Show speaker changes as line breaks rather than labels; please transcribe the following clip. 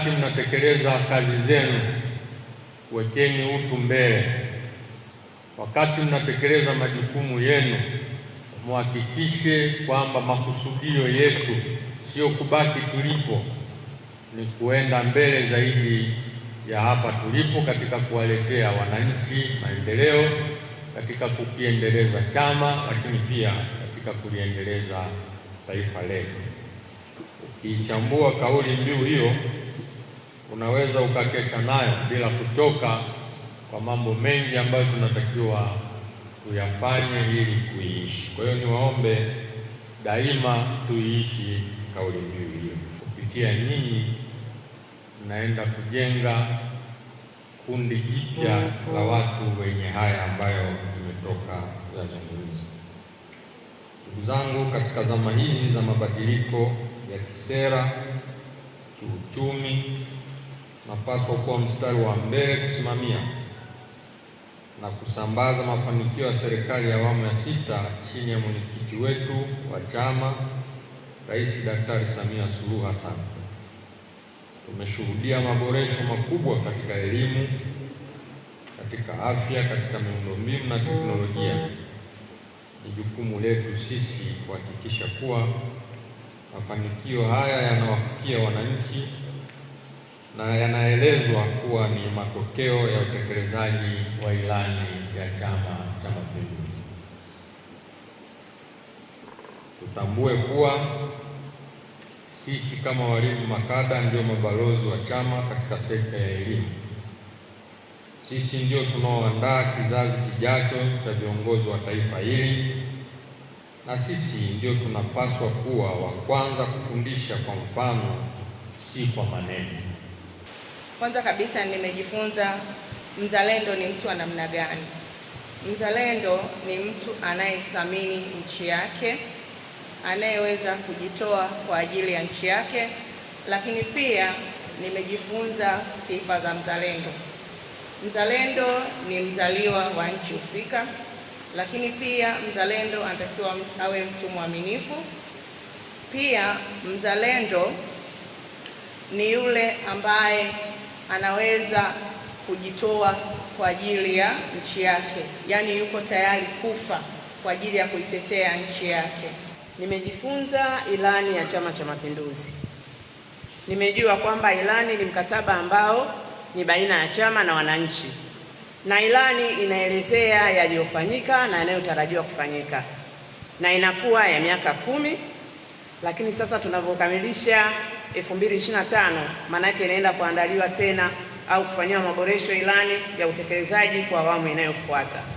wakati mnatekeleza kazi zenu, wekeni utu mbele. Wakati mnatekeleza majukumu yenu, muhakikishe kwamba makusudio yetu sio kubaki tulipo, ni kuenda mbele zaidi ya hapa tulipo, katika kuwaletea wananchi maendeleo, katika kukiendeleza chama, lakini pia katika kuliendeleza taifa letu. Ukiichambua kauli mbiu hiyo unaweza ukakesha nayo bila kuchoka, kwa mambo mengi ambayo tunatakiwa tuyafanye ili kuiishi. Kwa hiyo niwaombe daima tuiishi kauli mbiu hiyo. Kupitia nyinyi naenda kujenga kundi jipya la watu wenye haya ambayo imetoka yazungumza. Ndugu zangu, katika zama hizi za mabadiliko ya kisera, kiuchumi tunapaswa kuwa mstari wa mbele kusimamia na kusambaza mafanikio ya serikali ya awamu ya sita chini ya mwenyekiti wetu wa chama Rais Daktari Samia Suluhu Hassan. Tumeshuhudia maboresho makubwa katika elimu, katika afya, katika miundombinu na teknolojia. Ni jukumu letu sisi kuhakikisha kuwa mafanikio haya yanawafikia wananchi na yanaelezwa kuwa ni matokeo ya utekelezaji wa ilani ya Chama cha Mapinduzi. Tutambue kuwa sisi kama walimu makada ndio mabalozi wa chama katika sekta ya elimu. Sisi ndio tunaoandaa kizazi kijacho cha viongozi wa taifa hili, na sisi ndio tunapaswa kuwa wa kwanza kufundisha kwa mfano, si kwa maneno.
Kwanza kabisa nimejifunza mzalendo ni mtu wa namna gani. Mzalendo ni mtu anayethamini nchi yake, anayeweza kujitoa kwa ajili ya nchi yake, lakini pia nimejifunza sifa za mzalendo. Mzalendo ni mzaliwa wa nchi husika, lakini pia mzalendo anatakiwa awe mtu mwaminifu. Pia mzalendo ni yule ambaye anaweza kujitoa kwa ajili ya nchi yake, yaani yuko tayari kufa kwa ajili ya kuitetea nchi yake.
Nimejifunza ilani ya Chama cha Mapinduzi. Nimejua kwamba ilani ni mkataba ambao ni baina ya chama na wananchi, na ilani inaelezea yaliyofanyika na yanayotarajiwa kufanyika na inakuwa ya miaka kumi, lakini sasa tunavyokamilisha 2025, maana yake inaenda kuandaliwa tena au kufanyiwa maboresho ilani ya utekelezaji kwa awamu inayofuata.